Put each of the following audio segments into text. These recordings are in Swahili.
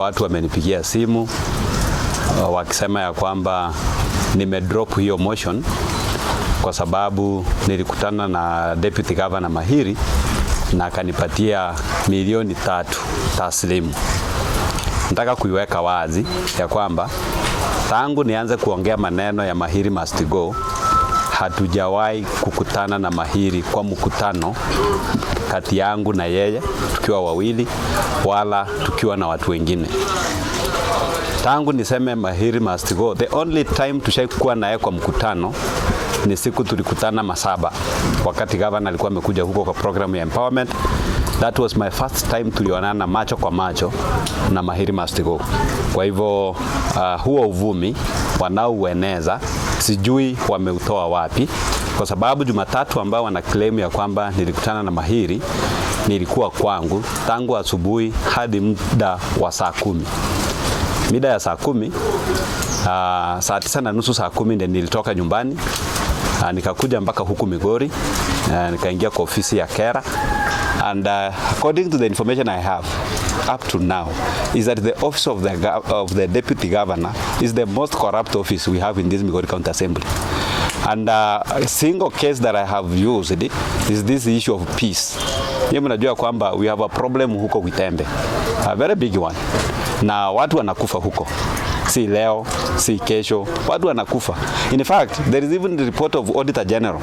Watu wamenipigia simu uh, wakisema ya kwamba nimedrop hiyo motion kwa sababu nilikutana na Deputy Governor Mahiri na akanipatia milioni tatu taslimu. Nataka kuiweka wazi ya kwamba tangu nianze kuongea maneno ya Mahiri must go hatujawahi kukutana na Mahiri kwa mkutano kati yangu na yeye tukiwa wawili wala tukiwa na watu wengine. Tangu niseme Mahiri must go, the only time tushaikuwa naye kwa mkutano ni siku tulikutana Masaba, wakati gavana alikuwa amekuja huko kwa programu ya empowerment. That was my first time tulionana macho kwa macho na Mahiri must go. Kwa hivyo uh, huo uvumi wanaoueneza sijui wameutoa wapi, kwa sababu Jumatatu ambao wana claim ya kwamba nilikutana na Mahiri nilikuwa kwangu tangu asubuhi hadi muda wa saa kumi mida ya saa kumi aa, ah, saa tisa na nusu saa kumi ndio nilitoka nyumbani aa, ah, nikakuja mpaka huku Migori ah, nikaingia kwa ofisi ya Kera and uh, according to the information I have up to now is that the office of the, of the deputy governor is the most corrupt office we have in this Migori County Assembly. And uh, a single case that I have used is this issue of peace. Yeye mnajua kwamba we have a problem huko Witembe. A very big one. Na watu wanakufa huko si leo, si kesho, watu wanakufa. In fact, there is even the report of Auditor General.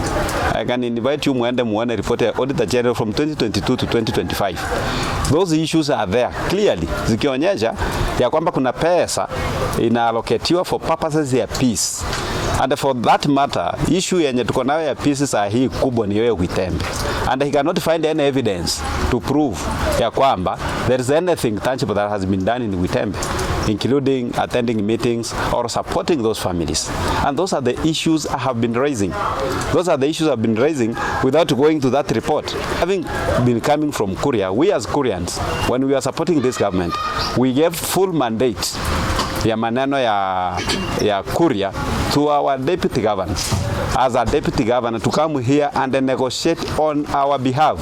I can invite you muende muone report ya Auditor General from 2022 to 2025. Those issues are there clearly zikionyesha ya kwamba kuna pesa inaallocatiwa for purposes ya peace And for that matter, issue yenye tuko nayo ya peace saa hii kubwa ni yeye Witembe. And he cannot find any evidence to prove ya kwamba there is anything tangible that has been done in Witembe including attending meetings or supporting those families. And those are the issues I have been raising. Those are the issues I've been raising without going to that report. Having been coming from Korea, we as Koreans, when we are supporting this government, we gave full mandate ya maneno ya, ya Kuria to our deputy governor. As a deputy governor to come here and negotiate on our behalf.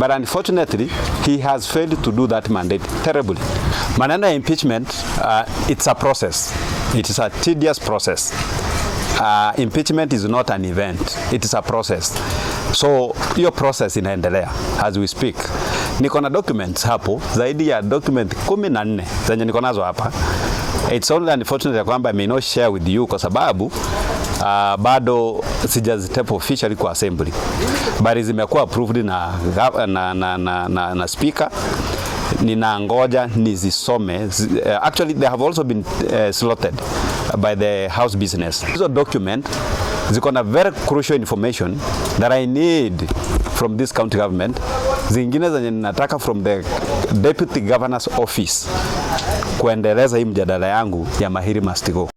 But unfortunately, he has failed to do that mandate terribly. Maneno ya impeachment, uh, it's a process. It is a tedious process. Uh, impeachment is not an event. It is a process. So hiyo process inaendelea as we speak. Niko na documents hapo zaidi ya document 14 zenye niko nazo hapa It's only unfortunate ya kwamba I may not share with you kwa sababu uh, bado sijazitepo officially kwa assembly, bali zimekuwa approved na, na, na, na, na, na speaker ninangoja nizisome. Uh, actually, they have also been uh, slotted by the house business. Hizo document ziko na very crucial information that I need from this county government, zingine zenye ninataka from the deputy governor's office kuendeleza hii mjadala yangu ya Mahiri Must Go.